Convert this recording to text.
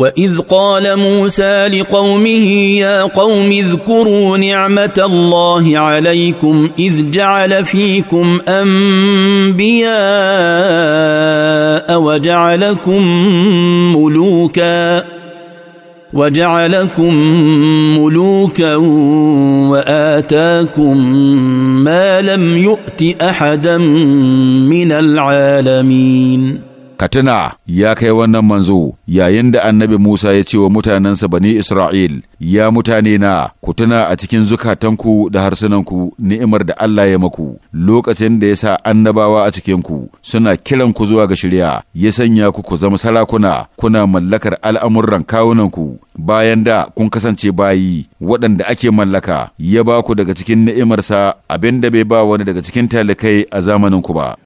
واذ قال موسى لقومه يا قوم اذكروا نعمه الله عليكم اذ جعل فيكم انبياء وجعلكم ملوكا وجعلكم ملوكا واتاكم ما لم يؤت احدا من العالمين ka ya kai wannan manzo yayin da annabi Musa ya ce wa mutanensa bani Isra'il ya mutane na ku tuna a cikin zukatanku da harsunanku ni'imar da Allah ya maku lokacin da ya sa annabawa a cikinku suna kiran ku zuwa ga shirya ya sanya ku ku zama sarakuna kuna mallakar al'amuran kawunanku bayan da kun kasance bayi waɗanda ake mallaka ya ba ku daga cikin ni'imarsa abin da bai ba wani daga cikin talikai a zamaninku ba